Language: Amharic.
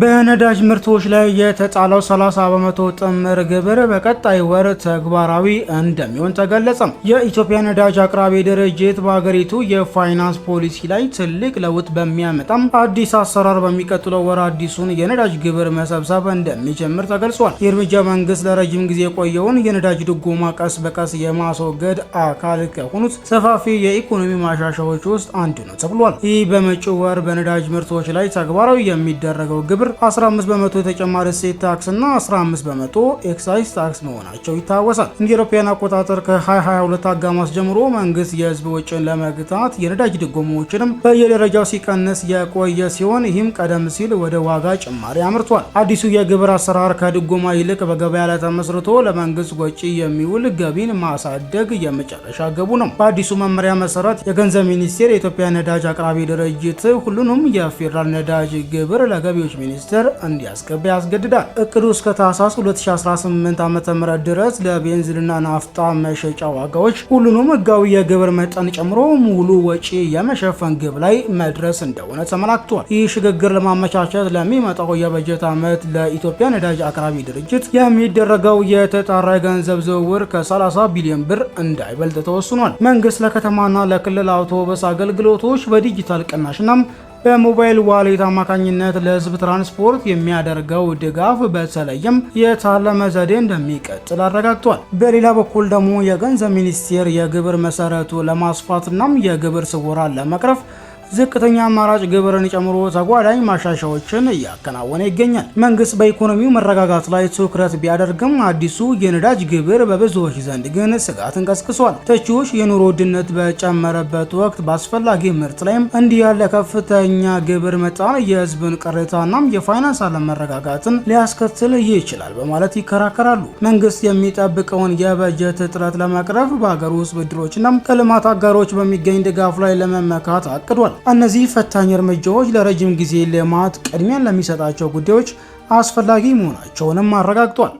በነዳጅ ምርቶች ላይ የተጣለው 30 በመቶ ጥምር ግብር በቀጣይ ወር ተግባራዊ እንደሚሆን ተገለጸ። የኢትዮጵያ ነዳጅ አቅራቢ ድርጅት በሀገሪቱ የፋይናንስ ፖሊሲ ላይ ትልቅ ለውጥ በሚያመጣም አዲስ አሰራር በሚቀጥለው ወር አዲሱን የነዳጅ ግብር መሰብሰብ እንደሚጀምር ተገልጿል። የእርምጃ መንግስት ለረጅም ጊዜ የቆየውን የነዳጅ ድጎማ ቀስ በቀስ የማስወገድ አካል ከሆኑት ሰፋፊ የኢኮኖሚ ማሻሻዎች ውስጥ አንዱ ነው ተብሏል። ይህ በመጪው ወር በነዳጅ ምርቶች ላይ ተግባራዊ የሚደረገው ግብር ብር 15 በመቶ የተጨማሪ እሴት ታክስና 15 በመቶ ኤክሳይዝ ታክስ መሆናቸው ይታወሳል። እንደ አውሮፓውያን አቆጣጠር ከ2022 አጋማሽ ጀምሮ መንግስት የህዝብ ወጪን ለመግታት የነዳጅ ድጎማዎችንም በየደረጃው ሲቀንስ የቆየ ሲሆን ይህም ቀደም ሲል ወደ ዋጋ ጭማሪ አምርቷል። አዲሱ የግብር አሰራር ከድጎማ ይልቅ በገበያ ላይ ተመስርቶ ለመንግስት ወጪ የሚውል ገቢን ማሳደግ የመጨረሻ ገቡ ነው። በአዲሱ መመሪያ መሰረት የገንዘብ ሚኒስቴር የኢትዮጵያ ነዳጅ አቅራቢ ድርጅት ሁሉንም የፌዴራል ነዳጅ ግብር ለገቢዎች ሚኒስቴር እንዲያስገባ ያስገድዳል። እቅዱ እስከ ታህሳስ 2018 ዓ ም ድረስ ለቤንዚንና ናፍጣ መሸጫ ዋጋዎች ሁሉንም ህጋዊ የግብር መጠን ጨምሮ ሙሉ ወጪ የመሸፈን ግብ ላይ መድረስ እንደሆነ ተመላክቷል። ይህ ሽግግር ለማመቻቸት ለሚመጣው የበጀት ዓመት ለኢትዮጵያ ነዳጅ አቅራቢ ድርጅት የሚደረገው የተጣራ የገንዘብ ዝውውር ከ30 ቢሊዮን ብር እንዳይበልጥ ተወስኗል። መንግስት ለከተማና ለክልል አውቶቡስ አገልግሎቶች በዲጂታል ቅናሽናም በሞባይል ዋሌት አማካኝነት ለህዝብ ትራንስፖርት የሚያደርገው ድጋፍ በተለይም የታለመ ዘዴ እንደሚቀጥል አረጋግጧል። በሌላ በኩል ደግሞ የገንዘብ ሚኒስቴር የግብር መሰረቱ ለማስፋትናም የግብር ስወራን ለመቅረፍ ዝቅተኛ አማራጭ ግብርን ጨምሮ ተጓዳኝ ማሻሻዎችን እያከናወነ ይገኛል። መንግስት በኢኮኖሚው መረጋጋት ላይ ትኩረት ቢያደርግም አዲሱ የነዳጅ ግብር በብዙዎች ዘንድ ግን ስጋትን ቀስቅሷል። ተቺዎች የኑሮ ውድነት በጨመረበት ወቅት በአስፈላጊ ምርት ላይም እንዲህ ያለ ከፍተኛ ግብር መጣን የህዝብን ቅሬታናም የፋይናንስ አለመረጋጋትን ሊያስከትል ይችላል በማለት ይከራከራሉ። መንግስት የሚጠብቀውን የበጀት እጥረት ለመቅረፍ በሀገር ውስጥ ብድሮችና ከልማት አጋሮች በሚገኝ ድጋፍ ላይ ለመመካት አቅዷል። እነዚህ ፈታኝ እርምጃዎች ለረጅም ጊዜ ልማት ቅድሚያን ለሚሰጣቸው ጉዳዮች አስፈላጊ መሆናቸውንም አረጋግጧል።